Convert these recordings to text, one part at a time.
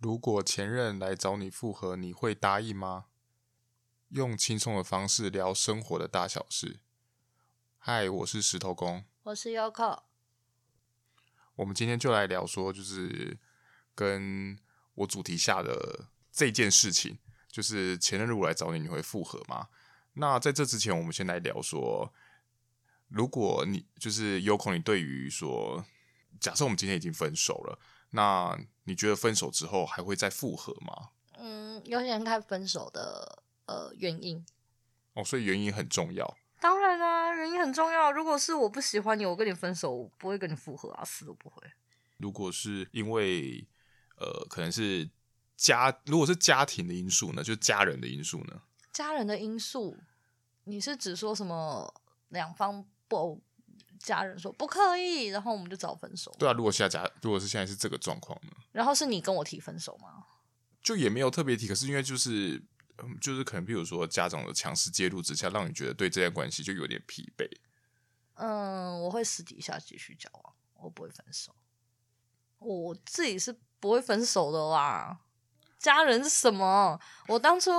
如果前任來找你複合，你會答應嗎？用輕鬆的方式聊生活的大小事。嗨，我是石頭公，我是 Yoko。我們今天就來聊說，就是跟我主題下的這件事情，就是前任如果來找你，你會複合嗎？那在這之前，我們先來聊說，如果你就是 Yoko，你對於說，假設我們今天已經分手了。那你覺得分手之後還會再復合嗎？嗯，有些人看分手的呃原因。哦，所以原因很重要。當然啦、啊，原因很重要。如果是我不喜歡你，我跟你分手，我不會跟你復合啊，死都不會。如果是因為呃，可能是家，如果是家庭的因素呢，就家人的因素呢？家人的因素，你是指說什麼兩方不家人說不可以，然後我們就早分手。對啊，如果現在家如果是現在是這個狀況呢？然後是你跟我提分手嗎？就也沒有特別提，可是因為就是就是可能，比如說家長的強勢介入之下，讓你覺得對這段關係就有點疲憊。嗯，我會私底下繼續交往，我不會分手。我自己是不會分手的啦。家人是什麼？我當初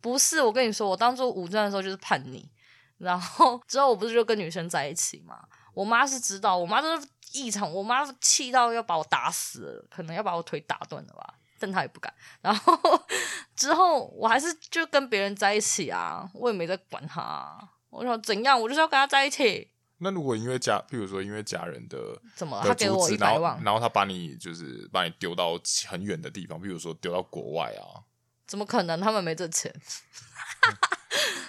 不是我跟你說，我當初五專的時候就是叛逆，然後之後我不是就跟女生在一起嘛？我媽是知道，我媽都是異常，我媽氣到要把我打死，可能要把我腿打斷了吧，但她也不敢。然後之後我還是就跟別人在一起啊，我也沒在管她啊。我想怎樣，我就是要跟她在一起。那如果因為家，比如說因為家人的怎麼，她給了我一百萬然，然後她把你就是把你丟到很遠的地方，比如說丟到國外啊？怎麼可能？他們沒這錢？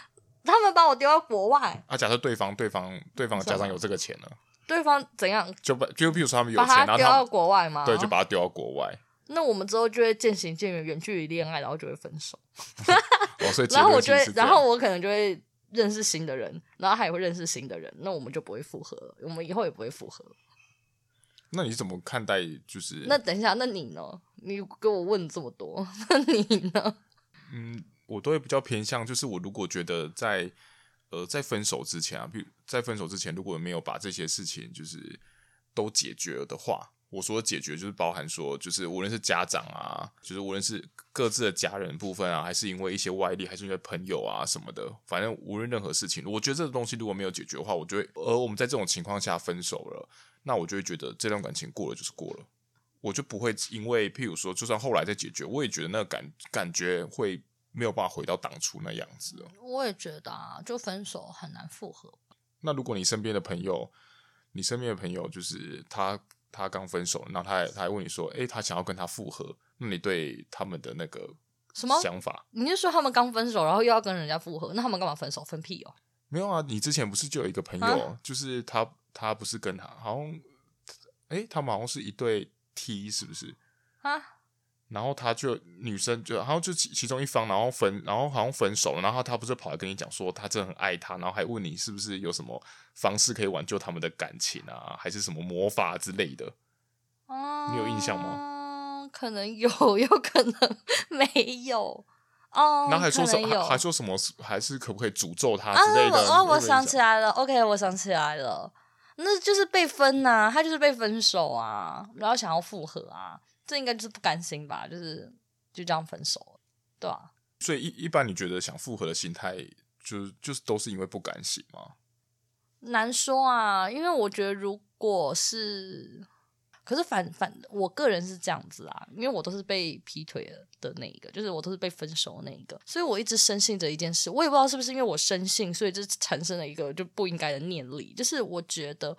他們把我丟到國外。啊，假設對方、對方、對方的家長有這個錢了，對方怎樣？就把就比如說他們有錢，然後丟到國外嘛。對，就把他丟到國外，啊。那我們之後就會漸行漸遠，遠距離戀愛，然後就會分手。 然後我就會，然後我可能就會認識新的人，然後他也會認識新的人。那我們就不會復合了，我們以後也不會復合。那你怎麼看待？就是那等一下，那你呢？你給我問這麼多，那你呢？嗯。我都會比較偏向，就是我如果覺得在，呃，在分手之前啊，譬如在分手之前如果沒有把這些事情就是都解決了的話，我說解決就是包含說，就是無論是家長啊，就是無論是各自的家人的部分啊，還是因為一些外力，還是因為朋友啊什麼的，反正無論任何事情，我覺得這個東西如果沒有解決的話，我就會。而我們在這種情況下分手了，那我就會覺得這段感情過了就是過了，我就不會因為，譬如說，就算後來再解決，我也覺得那個感感覺會。沒有辦法回到當初那樣子哦。我也覺得啊，就分手很難復合。那如果你身邊的朋友，你身邊的朋友就是他，他剛分手，然後他還他還問你說，哎，他想要跟他復合，那你對他們的那個什麼想法？你就說他們剛分手，然後又要跟人家復合，那他們幹嘛分手？分屁哦？沒有啊，你之前不是就有一個朋友，啊、就是他他不是跟他好像，哎，他們好像是一對 T，是不是啊？然後他就女生就然後就其、其中一方，然後分、然後、分然後好像分手了，然後他、他不是跑來跟你講說他真的很愛他，然後還問你是不是有什麼方式可以挽救他們的感情啊，還是什麼魔法之類的？哦、嗯，你有印象嗎？可能有，有可能沒有哦。然後還說什麼還？還說什麼？還是可不可以詛咒他之類的？啊、哦我，我想起來了，OK，我想起來了，那就是被分吶、啊，他就是被分手啊，然後想要復合啊。這應該就是不甘心吧，就是就這樣分手了，對啊。所以一一般你覺得想復合的心態，就就是都是因為不甘心嗎？難說啊，因為我覺得如果是，可是反反我個人是這樣子啊，因為我都是被劈腿的那一個，就是我都是被分手那一個，所以我一直深信着一件事，我也不知道是不是因為我深信，所以就產生了一個就不應該的念力，就是我覺得。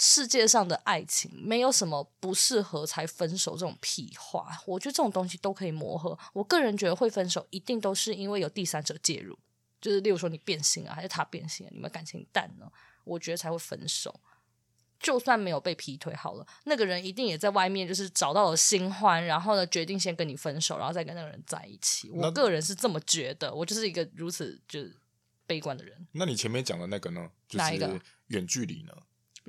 世界上的愛情沒有什麼不適合才分手這種屁話，我覺得這種東西都可以磨合。我個人覺得會分手一定都是因為有第三者介入，就是例如說你變心了，還是他變心，你們感情淡了，我覺得才會分手。就算沒有被劈腿好了，那個人一定也在外面就是找到了新歡，然後呢，決定先跟你分手，然後再跟那個人在一起。那我個人是這麼覺得，我就是一個如此就悲觀的人。那你前面講的那個呢？就是一個遠距離呢？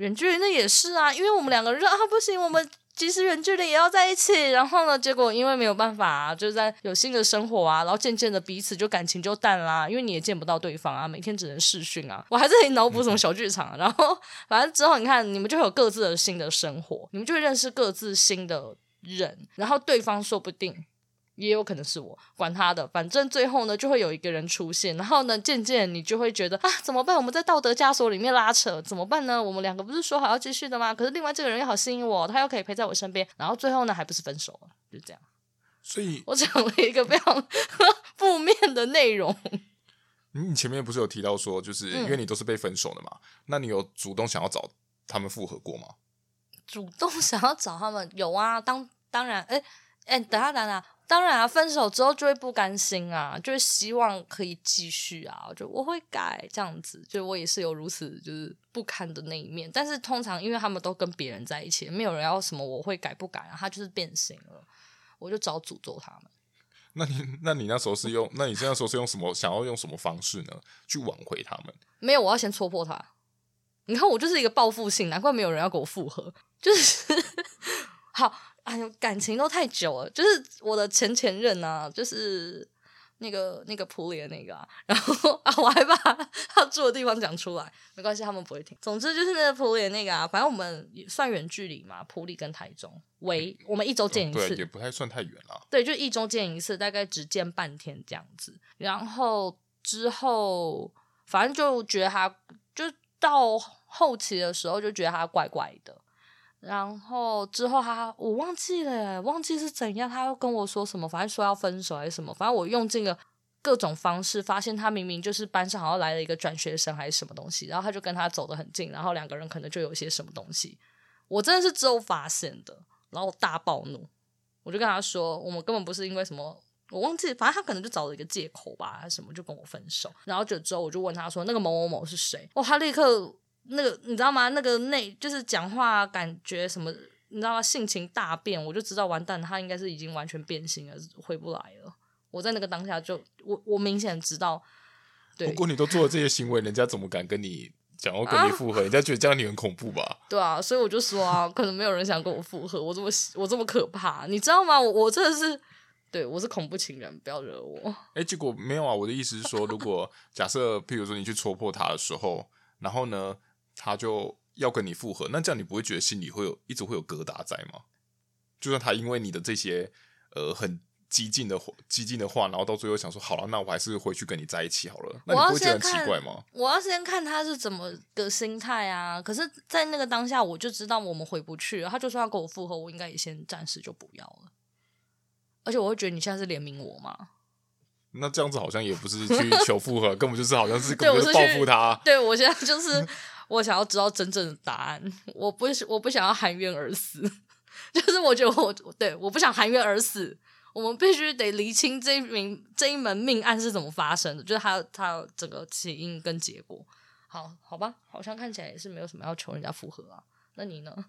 遠距離那也是啊，因為我們兩個人啊，不行，我們即使遠距離也要在一起。然後呢，結果因為沒有辦法啊，就在有新的生活啊，然後漸漸的彼此就感情就淡啦，因為你也見不到對方啊，每天只能視訊啊。我還是可以腦補什麼小劇場啊，然後反正之後你看，你們就會有各自的新的生活，你們就會認識各自新的人，然後對方說不定。也有可能是我管他的，反正最後呢就會有一個人出現，然後呢漸漸你就會覺得啊怎麼辦？我們在道德枷鎖裡面拉扯，怎麼辦呢？我們兩個不是說好要繼續的嗎？可是另外這個人又好吸引我，他又可以陪在我身邊，然後最後呢還不是分手了？就這樣。所以，我講了一個非常負 面的內容。你前面不是有提到說，就是因為你都是被分手的嘛？嗯、那你有主動想要找他們復合過嗎？主動想要找他們？有啊，當當然，哎、欸、誒、欸，等下等下。當然啊，分手之後就會不甘心啊，就是希望可以繼續啊。就我，我會改這樣子，就我也是有如此就是不堪的那一面。但是通常因為他們都跟別人在一起，沒有人要什麼我會改不改啊，他就是變心了，我就只好詛咒他們。那你那你那時候是用，那你現在說是用什麼？ 想要用什麼方式呢？去挽回他們？沒有，我要先戳破他。你看我就是一個報復性，難怪沒有人要跟我復合。就是 好。哎呦，感情都太久了，就是我的前前任啊，就是那個那個普裡的那個啊。然後啊，我還把他住的地方講出來，沒關係，他們不會聽。總之就是那個普裡的那個啊，反正我們算遠距離嘛，普裡跟台中，喂，我們一周見一次、嗯對，也不太算太遠了。對，就一周見一次，大概只見半天這樣子。然後之後，反正就覺得他，就到後期的時候就覺得他怪怪的。然後之後他我忘記了，忘記是怎樣，他又跟我說什麼，反正說要分手還是什麼，反正我用盡了各種方式，發現他明明就是班上好像來了一個轉學生還是什麼東西，然後他就跟他走得很近，然後兩個人可能就有些什麼東西，我真的是之後發現的，然後我大暴怒，我就跟他說我們根本不是因為什麼，我忘記，反正他可能就找了一個借口吧，還是什麼就跟我分手，然後就之後我就問他說那個某某某是誰？哦，他立刻。那個你知道嗎？那個內就是講話感覺什麼？你知道嗎？性情大變，我就知道完蛋了，他應該是已經完全變心了，回不來了。我在那個當下就我我明顯知道。對，如果你都做了這些行為， 人家怎麼敢跟你講我跟你復合？啊、人家覺得這樣你很恐怖吧？對啊，所以我就說啊，可能沒有人想跟我復合。我這麼我這麼可怕，你知道嗎？我我真的是對，我是恐怖情人，不要惹我。哎、欸，結果沒有啊。我的意思是說，如果假設，譬如說你去戳破他的時候，然後呢？他就要跟你復合，那這樣你不會覺得心裡會有一直會有疙瘩在嗎？就算他因為你的這些呃很激進的激進的話，然後到最後想說好了，那我還是回去跟你在一起好了，那你不會覺得很奇怪嗎？我要，我要先看他是怎麼個心態啊！可是，在那個當下，我就知道我們回不去了，他就說要跟我復合，我應該也先暫時就不要了。而且，我會覺得你現在是憐憫我嗎？那這樣子好像也不是去求復合， 根本就是好像是跟我報復他。對，我，對我現在就是。 我想要知道真正的答案，我不我不想要含冤而死，就是我覺得我對我不想含冤而死，我們必須得釐清這一名這一門命案是怎麼發生的，就是他他整個起因跟結果。好好吧，好像看起來也是沒有什麼要求人家復合啊，那你呢？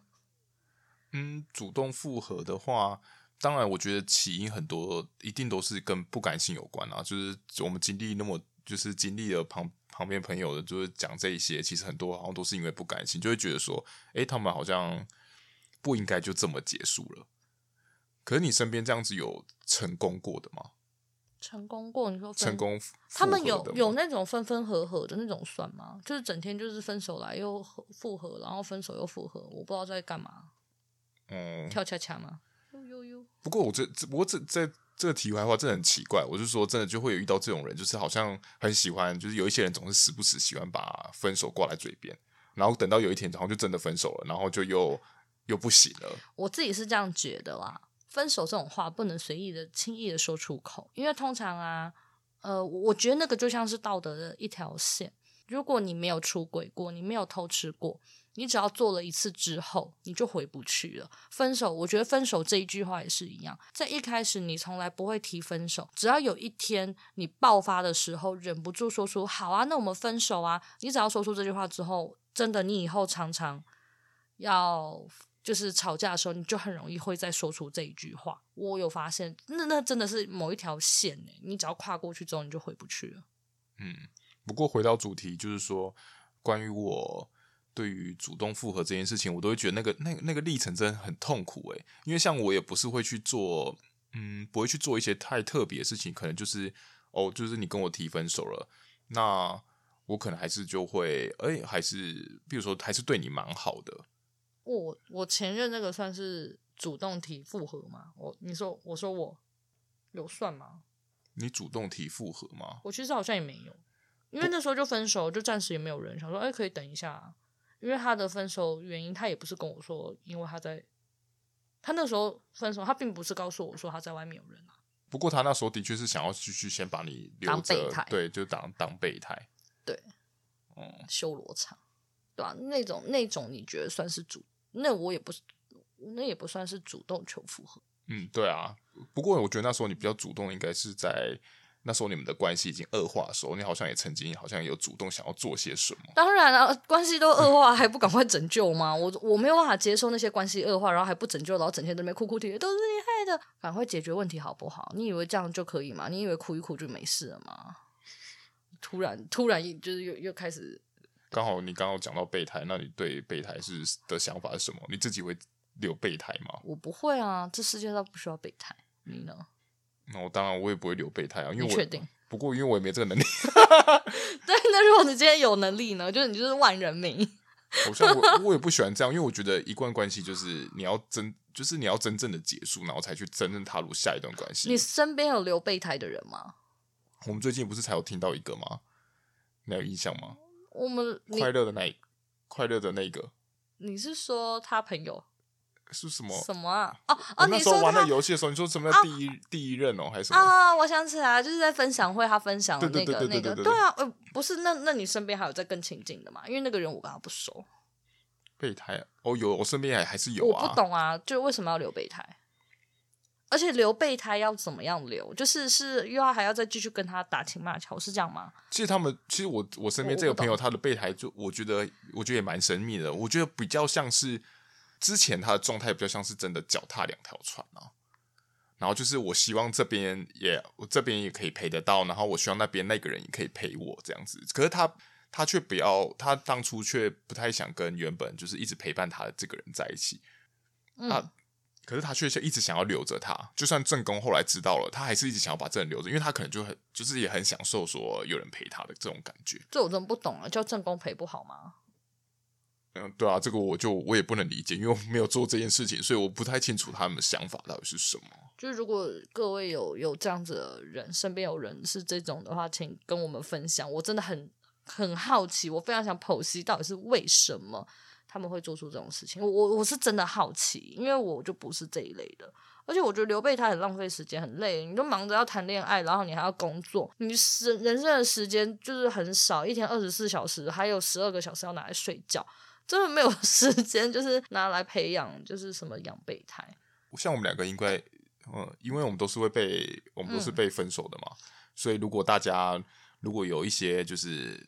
嗯，主動復合的話，當然我覺得起因很多一定都是跟不甘心有關啊，就是我們經歷那麼就是經歷了旁。旁邊朋友的，就是講這一些，其實很多好像都是因為不甘心，就會覺得說，哎、欸，他們好像不應該就這麼結束了。可是你身邊這樣子有成功過的嗎？成功過？你說成功？他們有有那種分分合合的那種算嗎？就是整天就是分手來又復合，然後分手又復合，我不知道在幹嘛。嗯，跳恰恰嗎？呦呦呦。不過我這我這在。這個題外話真的很奇怪，我是說真的就會有遇到這種人，就是好像很喜歡，就是有一些人總是時不時喜歡把分手掛在嘴邊，然後等到有一天，然後就真的分手了，然後就又又不行了。我自己是這樣覺得啦、啊，分手這種話不能隨意的輕易的說出口，因為通常啊，呃，我覺得那個就像是道德的一條線，如果你沒有出軌過，你沒有偷吃過。你只要做了一次之後，你就回不去了。分手，我覺得分手這一句話也是一樣，在一開始你從來不會提分手，只要有一天你爆發的時候，忍不住說出“好啊，那我們分手啊”，你只要說出這句話之後，真的你以後常常要就是吵架的時候，你就很容易會再說出這一句話。我有發現，那那真的是某一條線欸，你只要跨過去之後，你就回不去了。嗯，不過回到主題，就是說關於我。對於主動復合這件事情，我都會覺得那個、那那個歷程真的很痛苦哎、欸。因為像我也不是會去做，嗯，不會去做一些太特別的事情。可能就是哦，就是你跟我提分手了，那我可能還是就會哎，還是比如說還是對你蠻好的。我我前任那個算是主動提復合嘛？我，你說我說我有算嗎？你主動提復合嗎？我其實好像也沒有，因為那時候就分手，就暫時也沒有人想說哎，可以等一下啊。因為他的分手原因，他也不是跟我說，因為他在他那時候分手，他並不是告訴我說他在外面有人啊。不過他那時候的確是想要繼續先把你留著當備胎，對，就當當備胎。對，嗯，修羅場，對吧？那種那種，你覺得算是主？那我也不是，那也不算是主動求復合。嗯，對啊。不過我覺得那時候你比較主動，應該是在。那時候你們的關係已經惡化的時候，你好像也曾經好像也有主動想要做些什麼？當然啊，關係都惡化還不趕快拯救嗎？ 我我沒有辦法接受那些關係惡化，然後還不拯救，然後整天都在那邊哭哭啼啼，都是你害的，趕快解決問題好不好？你以為這樣就可以嗎？你以為哭一哭就沒事了嗎？突然突然就是又又開始。剛好你剛剛講到備胎，那你對備胎是的想法是什麼？你自己會留備胎嗎？我不會啊，這世界上不需要備胎。你呢？嗯那我當然我也不會留備胎啊，因為我確定，不過因為我也沒這個能力。 對，那如果你今天有能力呢？就是你就是萬人迷。 我想我我也不喜歡這樣，因為我覺得一段關、關係就是你要真，就是你要真正的結束，然後才去真正踏入下一段關係。你身邊有留備胎的人嗎？我們最近不是才有聽到一個嗎？沒有印象嗎？我們快樂的那一快樂的那個，你是說他朋友？是,是什麼？什麼啊？哦啊哦，那時候玩那遊戲的時候，啊、你,說你說什麼叫第一、啊、第一任哦，還是什麼啊？我想起來，就是在分享會，他分享的那個那個對啊，呃、欸，不是，那那你身邊還有在更親近的嗎？因為那個人我跟他不熟。備胎？哦，有，我身邊還還是有、啊。我不懂啊，就為什麼要留備胎？而且留備胎要怎麼樣留？就是是又要還要再繼續跟他打情罵俏，是這樣嗎？其實他們，其實我我身邊這個朋友，他的備胎，就我覺得我覺得也蠻神秘的，我覺得比較像是。之前他的狀態比較像是真的腳踏兩條船啊，然後就是我希望這邊也，我這邊也可以陪得到，然後我希望那邊那個人也可以陪我這樣子。可是他，他卻不要，他當初卻不太想跟原本就是一直陪伴他的這個人在一起。啊、嗯，可是他卻一直想要留着他，就算正宮後來知道了，他還是一直想要把這人留着，因為他可能就很，就是也很享受說有人陪他的這種感覺。這我真的不懂了、啊，叫正宮陪不好嗎？嗯，對啊，這個我就我也不能理解，因為我沒有做這件事情，所以我不太清楚他們的想法到底是什麼。就是如果各位有有這樣子的人，身邊有人是這種的話，請跟我們分享。我真的很很好奇，我非常想剖析到底是為什麼他們會做出這種事情。我我我是真的好奇，因為我就不是這一類的。而且我覺得留備胎很浪費時間，很累。你都忙着要談戀愛，然後你還要工作，你是人生的時間就是很少，一天二十四小時，還有十二個小時要拿來睡覺。真的沒有時間，就是拿來培養，就是什麼養備胎。像我們兩個，應該，嗯，因為我們都是會被，我們都是被分手的嘛。嗯，所以，如果大家如果有一些就是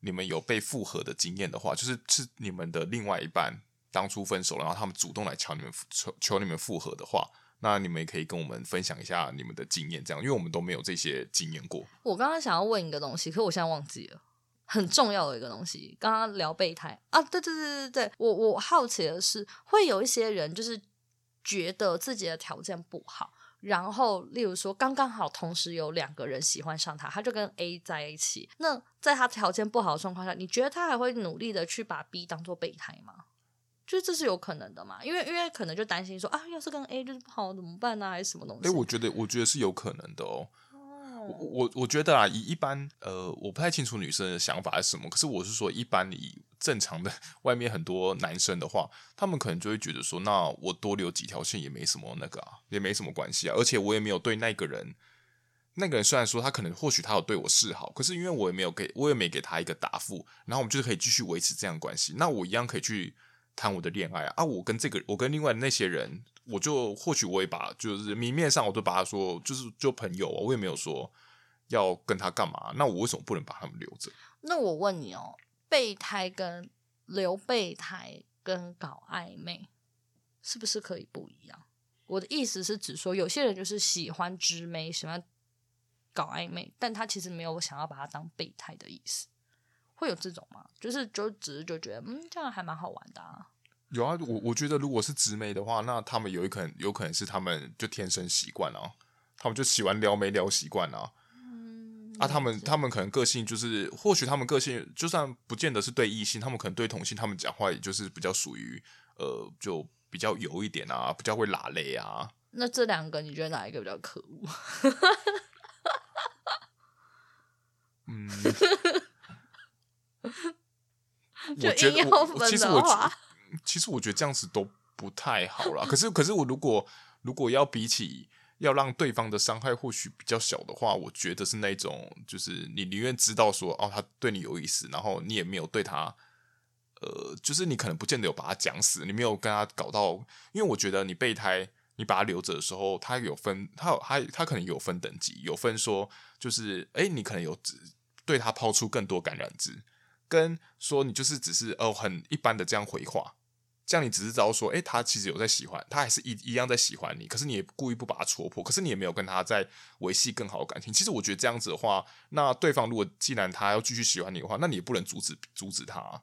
你們有被復合的經驗的話，就是是你們的另外一半當初分手了，然後他們主動來求你們求求你們復合的話，那你們也可以跟我們分享一下你們的經驗，這樣，因為我們都沒有這些經驗過。我剛剛想要問一個東西，可我現在忘記了。很重要的一個東西，剛剛聊備胎啊，對對對對對，我我好奇的是，會有一些人就是覺得自己的條件不好，然後例如說剛剛好同時有兩個人喜歡上他，他就跟 A 在一起。那在他條件不好的狀況下，你覺得他還會努力的去把 B 當做備胎嗎？就是這是有可能的嘛？因為因為可能就擔心說啊，要是跟 A 就是不好怎麼辦呢、啊？還是什麼東西？對，我覺得我覺得是有可能的哦。我我我覺得啊，以一般呃，我不太清楚女生的想法是什麼。可是我是說，一般以正常的外面很多男生的話，他們可能就會覺得說，那我多留幾條線也沒什麼那個啊，也沒什麼關係啊。而且我也沒有對那個人，那個人雖然說他可能或許他有對我示好，可是因為我也沒有給，我也沒給他一個答覆。然後我們就是可以繼續維持這樣關係。那我一樣可以去談我的戀愛啊。啊，我跟這個，我跟另外的那些人。我就或許我也把就是明面上我都把他說就是就朋友，我也沒有說要跟他幹嘛。那我為什麼不能把他們留着？那我問你哦，備胎跟留備胎跟搞曖昧是不是可以不一樣？我的意思是指說有些人就是喜歡直妹，喜歡搞曖昧，但他其實沒有想要把他當備胎的意思，會有這種嗎？就是就只是就覺得嗯，這樣還蠻好玩的啊。有啊，我我覺得如果是直眉的話，那他們有一可能有可能是他們就天生習慣啊，他們就喜歡撩妹撩習慣啊。嗯、啊，他們他們可能個性就是，或許他們個性就算不見得是對異性，他們可能對同性，他們講話也就是比較屬於呃，就比較油一點啊，比較會拉勒啊。那這兩個，你覺得哪一個比較可惡？ 嗯， 就硬要分的話。其實我覺得這樣子都不太好了。可是，可是我如果如果要比起要讓對方的傷害或許比較小的話，我覺得是那種，就是你寧願知道說哦，他對你有意思，然後你也沒有對他，呃，就是你可能不見得有把他講死，你沒有跟他搞到。因為我覺得你備胎，你把他留着的時候，他有分，他有他他可能有分等級，有分說，就是欸，你可能有對他拋出更多感染值，跟說你就是只是哦，很一般的這樣回話。像你只是知道說，誒，他其實有在喜歡，他還是一一樣在喜歡你，可是你也故意不把他戳破，可是你也沒有跟他在維繫更好的感情。其實我覺得這樣子的話，那對方如果既然他要繼續喜歡你的話，那你也不能阻止阻止他，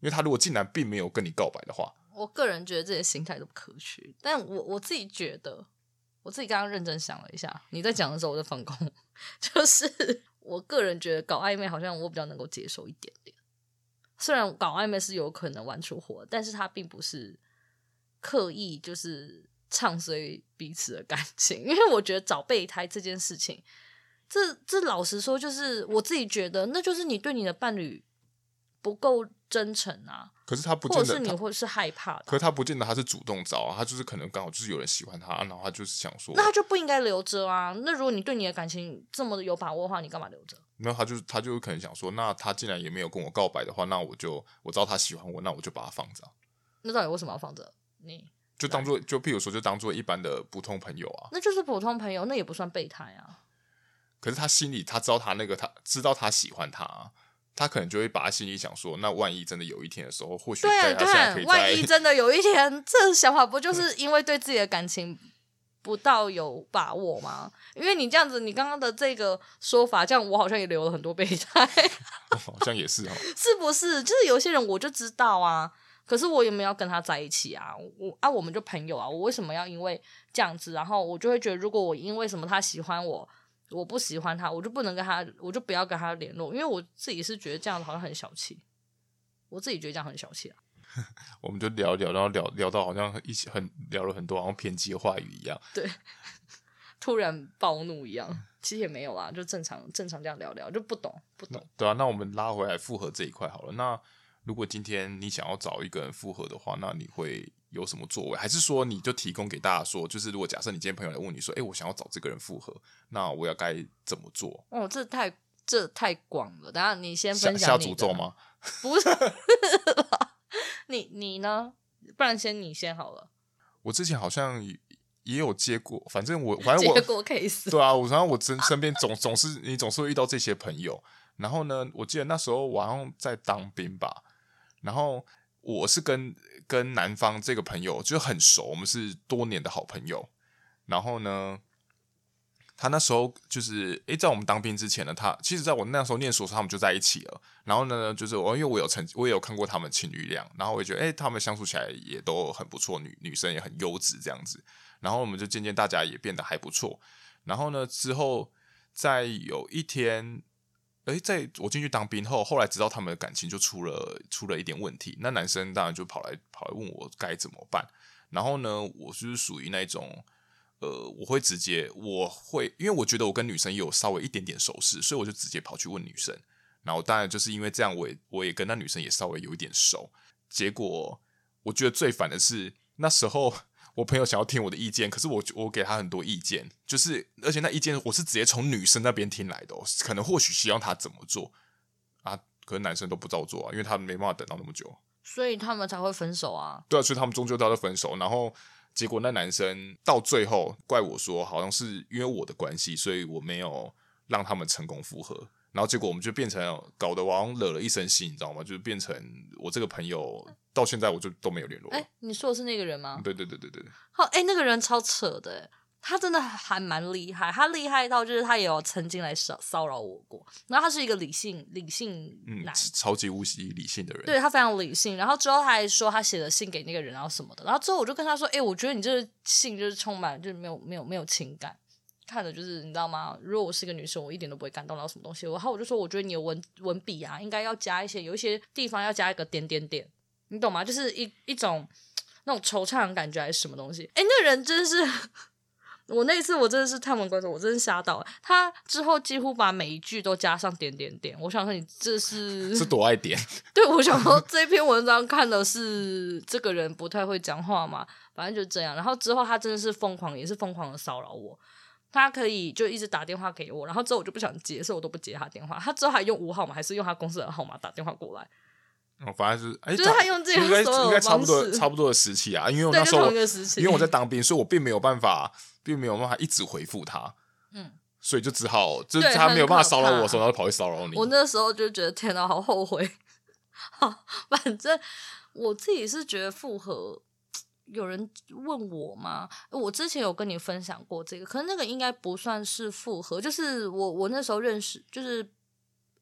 因為他如果既然並沒有跟你告白的話，我個人覺得這些心態都不可取。但我我自己覺得，我自己剛剛認真想了一下，你在講的時候我就放空。就是我個人覺得搞曖昧好像我比較能夠接受一點點。雖然搞曖昧是有可能玩出火，但是他並不是刻意就是唱衰彼此的感情，因為我覺得找備胎這件事情，這這老實說，就是我自己覺得，那就是你對你的伴侶，不夠真誠啊！可是他不見得，或者是你，或者是害怕的。可是他不見得他是主動找啊，他就是可能剛好就是有人喜歡他，然後他就是想說，那他就不應該留着啊。那如果你對你的感情這麼有把握的話，你幹嘛留着？沒有，他就他，就可能想說，那他既然也沒有跟我告白的話，那我就我知道他喜歡我，那我就把他放着啊。那到底為什麼要放着？你就當做，裡就譬如說，就當做一般的普通朋友啊，那就是普通朋友，那也不算備胎啊。可是他心裡他知道他那個，他知道他喜歡他啊。他可能就會把他心裡想說，那萬一真的有一天的時候，或許對啊，現在可以在、啊、萬一真的有一天， 這想法不就是因為對自己的感情不到有把握嗎？ 因為你這樣子，你剛剛的這個說法，這樣我好像也留了很多備胎， 好像也是哦。是不是？就是有些人我就知道啊，可是我也沒有跟他在一起啊，我啊，我們就朋友啊，我為什麼要因為這樣子，然後我就會覺得，如果我因為什麼他喜歡我。我不喜歡他，我就不能跟他，我就不要跟他聯絡，因為我自己是覺得這樣子好像很小氣，我自己覺得這樣很小氣啊。 我們就聊聊，然後聊聊到好像一起很聊了很多，然後偏激的話語一樣。對，突然暴怒一樣，其實也沒有啦、啊，就正常正常這樣聊聊，就不懂不懂。對啊，那我們拉回來復合這一塊好了。那如果今天你想要找一個人復合的話，那你會？有什麼作為，還是說你就提供給大家說，就是如果假設你今天朋友來問你說，哎、欸，我想要找這個人複合，那我要該怎麼做？哦，這太這太廣了。等下你先分享你下詛咒嗎？不是， 是你你呢？不然先你先好了。我之前好像也有接過，反正我反正我過 case 對啊，我然後我真身邊總 總是你總是會遇到這些朋友。然後呢，我記得那時候我好像在當兵吧，然後我是跟。跟男方這個朋友就很熟，我們是多年的好朋友。然後呢，他那時候就是，誒、欸，在我們當兵之前呢，他其實在我那時候念書的時候，他們就在一起了。然後呢，就是我因為我有曾，我也有看過他們情侶倆，然後我也覺得，誒、欸，他們相處起來也都很不錯，女女生也很優質這樣子。然後我們就漸漸大家也變得還不錯。然後呢，之後在有一天。誒、欸，在我進去當兵後，後來知道他們的感情就出了出了一點問題，那男生當然就跑來跑來問我該怎麼辦。然後呢，我就是屬於那種，呃，我會直接，我會，因為我覺得我跟女生有稍微一點點熟識，所以我就直接跑去問女生。然後當然就是因為這樣，我也我也跟那女生也稍微有一點熟。結果我覺得最煩的是那時候。我朋友想要聽我的意見，可是我我給他很多意見，就是而且那意見我是直接從女生那邊聽來的喔，可能或許希望他怎麼做啊？可能男生都不照做啊，因為他沒辦法等到那麼久，所以他們才會分手啊。對啊，所以他們終究都要分手，然後結果那男生到最後怪我說，好像是因為我的關係，所以我沒有讓他們成功復合。然後結果我們就變成搞得好像惹了一身腥，你知道嗎？就是變成我這個朋友到現在我就都沒有聯絡。哎、欸，你說的是那個人嗎？對對對對對。好，哎、欸，那個人超扯的，他真的還蠻厲害。他厲害到就是他也有曾經來騷騷擾我過。然後他是一個理性理性男，嗯、超級務實理性的人。對，他非常理性。然後之後他還說他寫了信給那個人，然後什麼的。然後之後我就跟他說，哎、欸，我覺得你這個信就是充滿就是沒有沒有沒有情感。看的就是，你知道嗎？如果我是一個女生，我一點都不會感動到什麼東西。然後我就說，我覺得你有文文筆啊，應該要加一些，有一些地方要加一個點點點，你懂嗎？就是一一種那種惆悵感覺還是什麼東西？誒、欸，那人真是，我那一次我真的是嘆為觀止，我真是嚇到了、欸。他之後幾乎把每一句都加上點點點。我想說，你這是是多愛點？對，我想說，這篇文章看的是這個人不太會講話嘛，反正就是這樣。然後之後他真的是瘋狂，也是瘋狂的騷擾我。他可以就一直打電話給我，然後之後我就不想接，所以我都不接他電話。他之後還用五號碼，還是用他公司的號碼打電話過來？哦，反正是，欸、就是他用這樣應該應該差不多差不多的時期啊，因為我那時候我時因為我在當兵，所以我並沒有辦法，並沒有辦法一直回復他，嗯，所以就只好就是他沒有辦法騷擾我的時候，他就跑去騷擾你。我那時候就覺得天吶、啊，好後悔。 哦、反正我自己是覺得復合。有人問我嗎？我之前有跟你分享過這個，可是那個應該不算是復合，就是我我那時候認識，就是。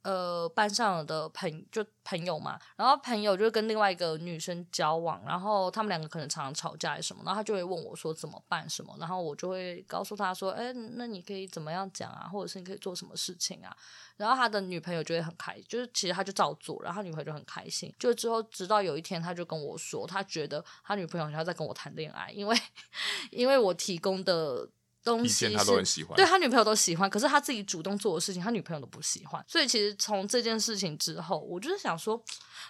呃，班上的朋就朋友嘛，然後朋友就跟另外一個女生交往，然後他們兩個可能常常吵架什麼，然後他就會問我說怎麼辦什麼，然後我就會告訴他說，哎，那你可以怎麼樣講啊，或者是你可以做什麼事情啊，然後他的女朋友就會很開心，就是其實他就照做，然後他女朋友就很開心，就之後直到有一天，他就跟我說，他覺得他女朋友好像在跟我談戀愛，因為因為我提供的。東西以前他都很喜歡，對他女朋友都喜歡，可是他自己主動做的事情，他女朋友都不喜歡。所以其實從這件事情之後，我就是想說，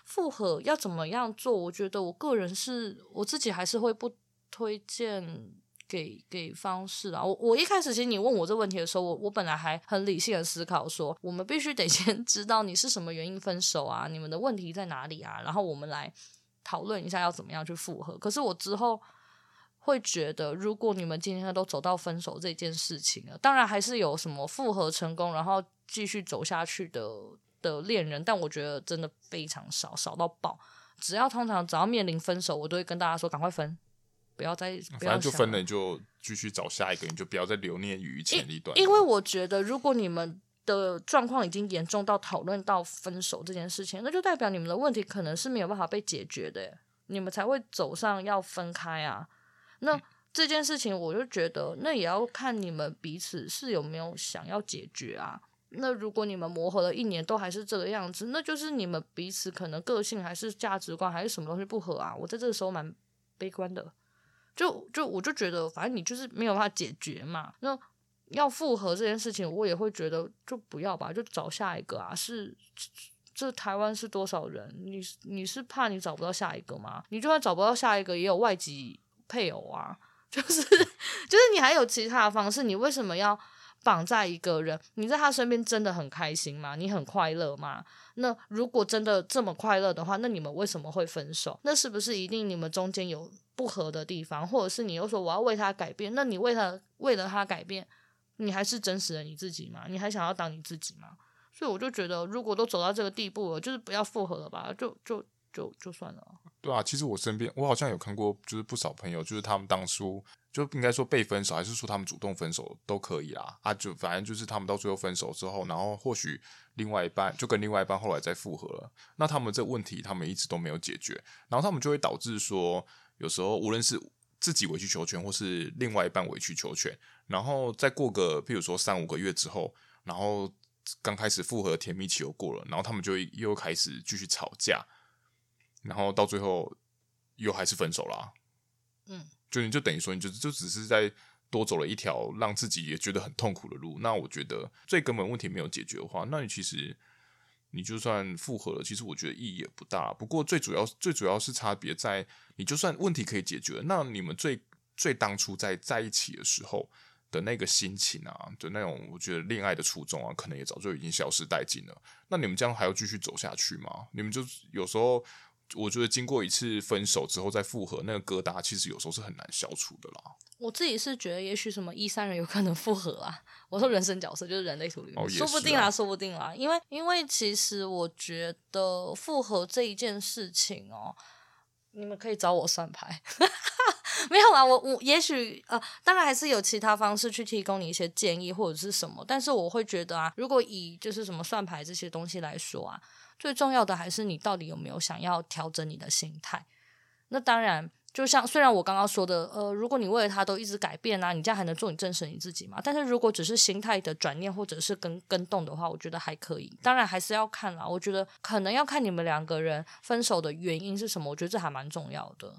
復合要怎麼樣做？我覺得我個人是，我自己還是會不推薦給給方式啊。我我一開始其實你問我這問題的時候，我我本來還很理性的思考說，我們必須得先知道你是什麼原因分手啊，你們的問題在哪裡啊，然後我們來討論一下要怎麼樣去復合。可是我之後。會覺得，如果你們今天都走到分手這件事情了，當然還是有什麼復合成功，然後繼續走下去的的戀人，但我覺得真的非常少，少到爆。只要通常只要面臨分手，我都會跟大家說，趕快分，不要再。不要反正就分了，你就繼續找下一個，你就不要再留戀於前一段因。因為我覺得，如果你們的狀況已經嚴重到討論到分手這件事情，那就代表你們的問題可能是沒有辦法被解決的，你們才會走上要分開啊。那、嗯、這件事情，我就覺得那也要看你們彼此是有沒有想要解決啊。那如果你們磨合了一年都還是這個樣子，那就是你們彼此可能個性還是價值觀還是什麼東西不合啊。我在這個時候蠻悲觀的，就就我就覺得反正你就是沒有辦法解決嘛。那要復合這件事情，我也會覺得就不要吧，就找下一個啊。是這，這台灣是多少人？你你是怕你找不到下一個嗎？你就算找不到下一個，也有外籍。配偶啊，就是就是你還有其他的方式，你為什麼要綁在一個人？你在他身邊真的很開心嗎？你很快樂嗎？那如果真的這麼快樂的話，那你們為什麼會分手？那是不是一定你們中間有不合的地方？或者是你又說我要為他改變？那你為他為了他改變，你還是真實的你自己嗎？你還想要當你自己嗎？所以我就覺得，如果都走到這個地步了，就是不要復合了吧，就就就就算了。對啊，其實我身邊，我好像有看過，就是不少朋友，就是他們當初就應該說被分手，還是說他們主動分手都可以啦。啊，就反正就是他們到最後分手之後，然後或許另外一半就跟另外一半後來再復合了，那他們這問題他們一直都沒有解決，然後他們就會導致說，有時候無論是自己委曲求全，或是另外一半委曲求全，然後再過個，譬如說三五個月之後，然後剛開始復合甜蜜期又過了，然後他們就又開始繼續吵架。然後到最後又還是分手啦，嗯，就你就等於說，你就就只是在多走了一條讓自己也覺得很痛苦的路。那我覺得最根本問題沒有解決的話，那你其實你就算複合了，其實我覺得意義也不大。不過最主要最主要是差別在，你就算問題可以解決，那你們最最當初在在一起的時候的那個心情啊，就那種我覺得戀愛的初衷啊，可能也早就已經消失殆盡了。那你們這樣還要繼續走下去嗎？你們就有時候。我覺得經過一次分手之後再復合，那個疙瘩其實有時候是很難消除的啦。我自己是覺得，也許什麼一三人有可能復合啊。我說人生角色就是人類圖裡、哦啊、說不定啊，說不定啊。因為因為其實我覺得復合這一件事情哦，你們可以找我算牌。 沒有啊，我我也許呃，當然還是有其他方式去提供你一些建議或者是什麼。但是我會覺得啊，如果以就是什麼算牌這些東西來說啊，最重要的還是你到底有沒有想要調整你的心態。那當然，就像雖然我剛剛說的，呃，如果你為了他都一直改變啊，你這樣還能做你真實你自己嗎？但是如果只是心態的轉念或者是跟跟動的話，我覺得還可以。當然還是要看啦，我覺得可能要看你們兩個人分手的原因是什麼，我覺得這還蠻重要的。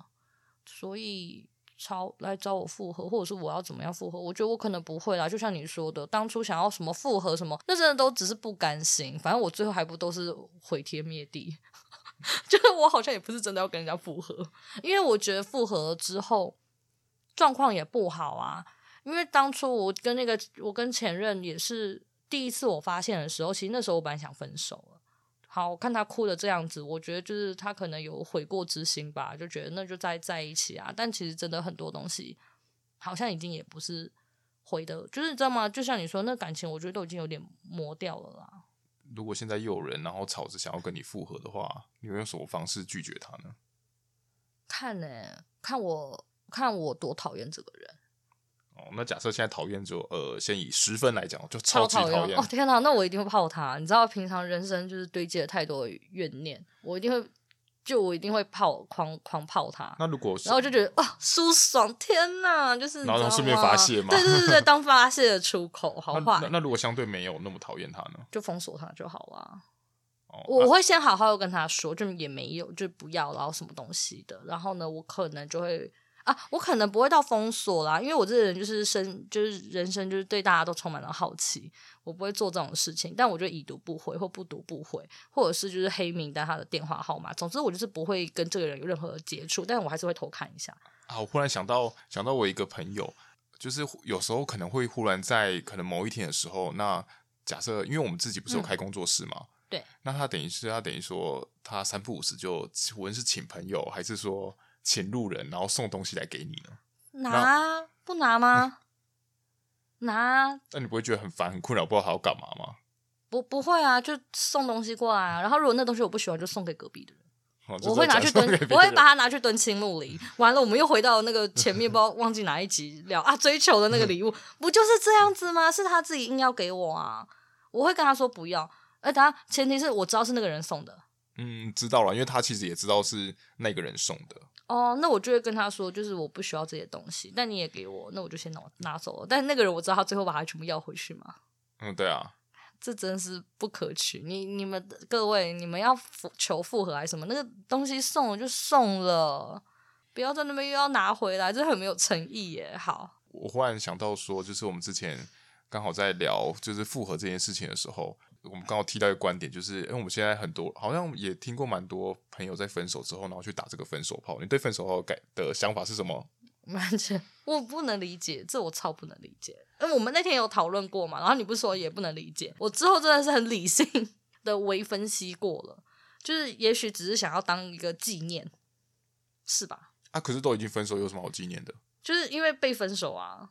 所以。超來找我復合，或者是我要怎麼樣復合？我覺得我可能不會啦。就像你說的，當初想要什麼復合什麼，那真的都只是不甘心。反正我最後還不都是毀天滅地， 就是我好像也不是真的要跟人家復合， 因為我覺得復合之後狀況也不好啊。因為當初我跟那個我跟前任也是第一次我發現的時候，其實那時候我本來想分手了。好，我看他哭的這樣子，我覺得就是他可能有悔過之心吧，就覺得那就再在、在一起啊。但其實真的很多東西，好像已經也不是回的，就是你知道嗎？就像你說那個、感情，我覺得都已經有點磨掉了啦。如果現在又有人然後吵着想要跟你復合的話，你會用什麼方式拒絕他呢？看呢、欸，看我看我多討厭這個人。哦、那假設現在討厭就呃，先以十分來講，就超級討厭哦！天哪，那我一定會泡他。你知道，平常人生就是堆積了太多的怨念，我一定會就我一定會泡狂狂泡他。那如果然後就覺得啊、呃，舒爽！天哪，就是然後順便發洩嘛，對對對對，當發洩的出口。好話。 那如果相對沒有那麼討厭他呢？就封鎖他就好了、啊。哦、我會先好好的跟他說，就也沒有，就不要然後什麼東西的。然後呢，我可能就會。啊，我可能不會到封鎖啦，因為我這個人就是生就是人生就是對大家都充滿了好奇，我不會做這種事情。但我覺得已讀不回或不讀不回，或者是就是黑名單他的電話號碼。總之，我就是不會跟這個人有任何的接觸，但是我還是會偷看一下。啊，我忽然想到想到我一個朋友，就是有時候可能會忽然在可能某一天的時候，那假設因為我們自己不是有開工作室嘛，嗯、對，那他等於是他等於說他三不五時就無論是請朋友還是說，前路人，然後送東西來給你呢？拿、啊、那不拿嗎？ 拿、啊。那、啊、你不會覺得很煩、很困擾，不知道他要幹嘛嗎？不，不會啊，就送東西過來啊。然後如果那東西我不喜歡，就送給隔壁的人。哦、我會拿去蹲，我會把它拿去蹲青木里。完了，我們又回到那個前面， 不知道忘記哪一集聊啊？追求的那個禮物不就是這樣子嗎？是他自己硬要給我啊。我會跟他說不要。哎，等一下，前提是我知道是那個人送的。嗯，知道了，因為他其實也知道是那個人送的。哦，oh, 那我就會跟他說，就是我不需要這些東西，那你也給我，那我就先拿拿走了。但是那個人我知道他最後把它全部要回去嘛。嗯，對啊，這真是不可取。你你們各位，你們要求復合還是什麼？那個東西送了就送了，不要在那邊又要拿回來，這很沒有誠意耶。好，我忽然想到說，就是我們之前剛好在聊就是復合這件事情的時候。我們剛好提到一個觀點，就是因為我們現在很多好像也聽過蠻多朋友在分手之後，然後去打這個分手炮。你對分手炮改的想法是什麼？完全，我不能理解，這我超不能理解。哎、嗯，我們那天有討論過嘛？然後你不是說也不能理解。我之後真的是很理性的微分析過了，就是也許只是想要當一個紀念，是吧？啊，可是都已經分手，有什麼好紀念的？就是因為被分手啊，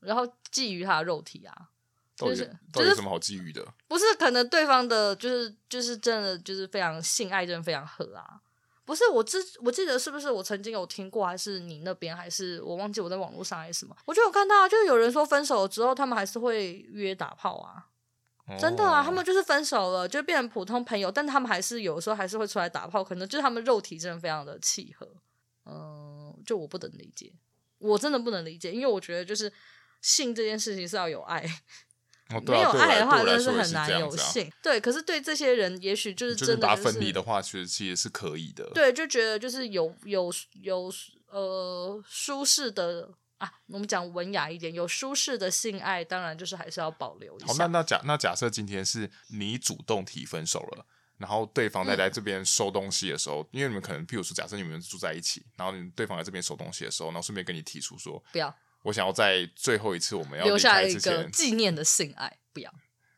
然後覬覦他的肉體啊。是就是，就是什麼好覬覦的，就是。不是，可能對方的就是就是真的就是非常性愛，真的非常合啊。不是我記我記得，是不是我曾經有聽過，還是你那邊，還是我忘記我在網絡上還是什麼。我就有看到，就有人說分手之後他們還是會約打炮啊，Oh. 真的啊，他們就是分手了，就變成普通朋友，但他們還是有時候還是會出來打炮，可能就是他們肉體真的非常的契合。嗯，就我不能理解，我真的不能理解，因為我覺得就是性這件事情是要有愛。哦對啊、沒有愛的話，真的是很難有性。對，有性對，可是對這些人，也許就是真的、就是。分離的話，其實其實是可以的。對，就覺得就是有有有呃舒適的啊，我們講文雅一點，有舒適的性愛，當然就是還是要保留一下。好，那那假那假設今天是你主動提分手了，然後對方在來這邊收東西的時候，嗯、因為你們可能，譬如說假設你們住在一起，然後你對方來這邊收東西的時候，然後順便跟你提出說不要。我想要在最後一次我們要留下一個紀念的性愛，不要。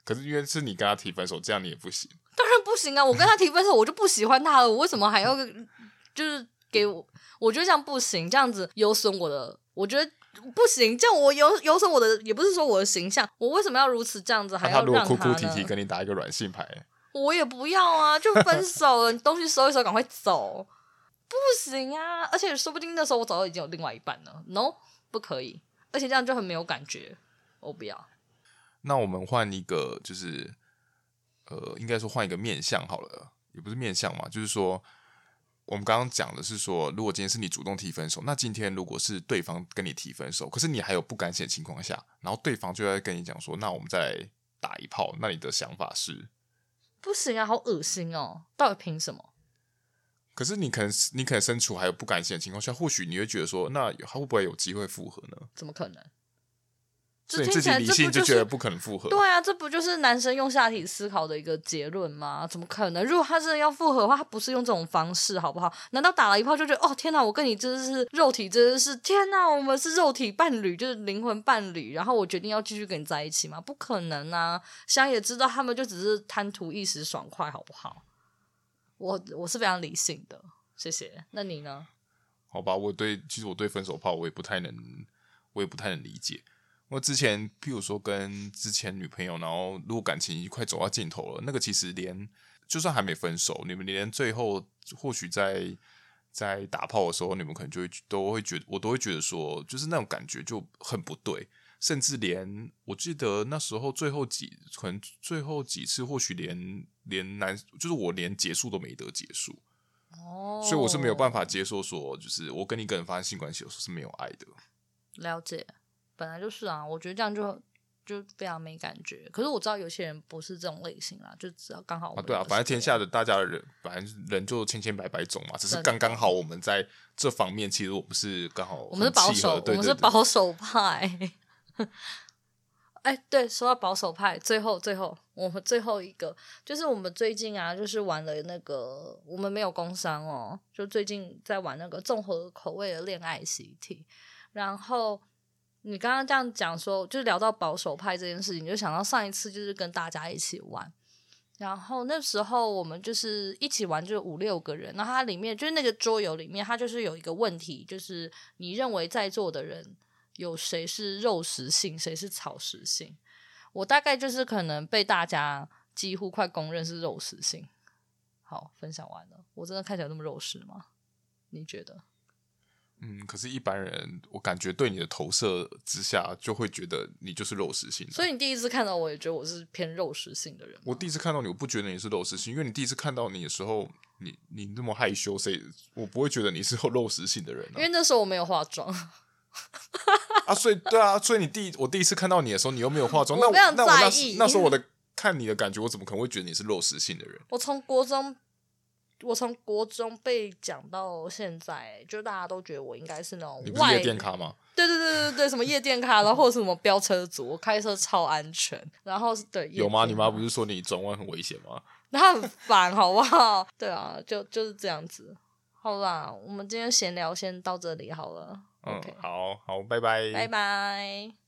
可是因為是你跟他提分手，這樣你也不行。當然不行啊！我跟他提分手， 我就不喜歡他了。我為什麼還要就是給我？我覺得這樣不行，這樣子有損我的。我覺得不行，這樣我有有損我的，也不是說我的形象。我為什麼要如此這樣子？那他 還要他如果哭哭啼啼啼跟你打一個軟性牌？我也不要啊，就分手了， 你東西收一收，趕快走。不行啊，而且說不定那時候我早就已經有另外一半了。No? 不可以，而且這樣就很沒有感覺，我不要。那我們換一個，就是呃，應該說換一個面向好了，也不是面向嘛，就是說我們剛剛講的是說，如果今天是你主動提分手，那今天如果是對方跟你提分手，可是你還有不甘心的情況下，然後對方就要跟你講說，那我們再來打一炮，那你的想法是？不行啊，好惡心哦，到底憑什麼？可是你可能你可能身處還有不甘心的情況下，或許你會覺得說，那他會不會有機會復合呢？怎麼可能？這聽起來這不就覺得不可能復合，就是？對啊，這不就是男生用下體思考的一個結論嗎？怎麼可能？如果他真的要復合的話，他不是用這種方式好不好？難道打了一炮就覺得哦天哪，啊，我跟你真的是肉體，真的是天哪，啊，我們是肉體伴侶，就是靈魂伴侶，然後我決定要繼續跟你在一起嗎？不可能啊！想也知道他們就只是貪圖一時爽快，好不好？我我是非常理性的，謝謝。那你呢？好吧，我對，其實我對分手炮我也不太能，我也不太能理解。我之前，譬如說跟之前女朋友，然後如果感情快走到盡頭了，那個其實連，就算還沒分手，你們連最後或許在在打炮的時候，你們可能就會都會覺得，我都會覺得說，就是那種感覺就很不對。甚至連我記得那時候最後幾可能最後幾次或許，或許連連男就是我連結束都沒得結束哦，所以我是沒有辦法接受說，就是我跟你個人發生性關係的時候是沒有愛的。了解，本來就是啊，我覺得這樣就就非常沒感覺。可是我知道有些人不是這種類型啦，就只要剛好我啊對啊，是是反正天下的大家的人，反正人就千千百百種嘛，只是剛剛好我們在這方面其實我不是剛好，我們是保守，對對對，我們是保守派。哼。哎、 欸，對，說到保守派，最後最後我們最後一個就是我們最近啊，就是玩了那個我們沒有工商哦，就最近在玩那個綜合口味的戀愛 CT。然後你剛剛這樣講說，就是聊到保守派這件事情，就想到上一次就是跟大家一起玩，然後那時候我們就是一起玩就五六個人，那它裡面就是那個桌遊裡面，它就是有一個問題，就是你認為在座的人。有誰是肉食性，誰是草食性？我大概就是可能被大家幾乎快公認是肉食性。好，分享完了。我真的看起來那麼肉食嗎？你覺得？嗯，可是，一般人我感覺對你的投射之下，就會覺得你就是肉食性。所以，你第一次看到我也覺得我是偏肉食性的人。我第一次看到你，我不覺得你是肉食性，因為你第一次看到你的時候，你你那麼害羞，所以，我不會覺得你是肉食性的人啊。因為那時候我沒有化妝。 啊，所以對啊，所以你第一我第一次看到你的時候，你又沒有化妝， 我在意那我那我那時那時候我的看你的感覺，我怎麼可能會覺得你是肉食性的人？我從國中，我從國中被講到現在，就大家都覺得我應該是那種你不是夜店咖嗎？對對對對對，什麼夜店咖， 然後或者是什麼飆車族，我開車超安全。然後是對，有嗎？你媽不是說你轉彎很危險嗎？那很煩，好不好？對啊，就就是這樣子。好啦，我們今天閒聊先到這裡好了。Okay. 嗯，好好，拜拜，拜拜。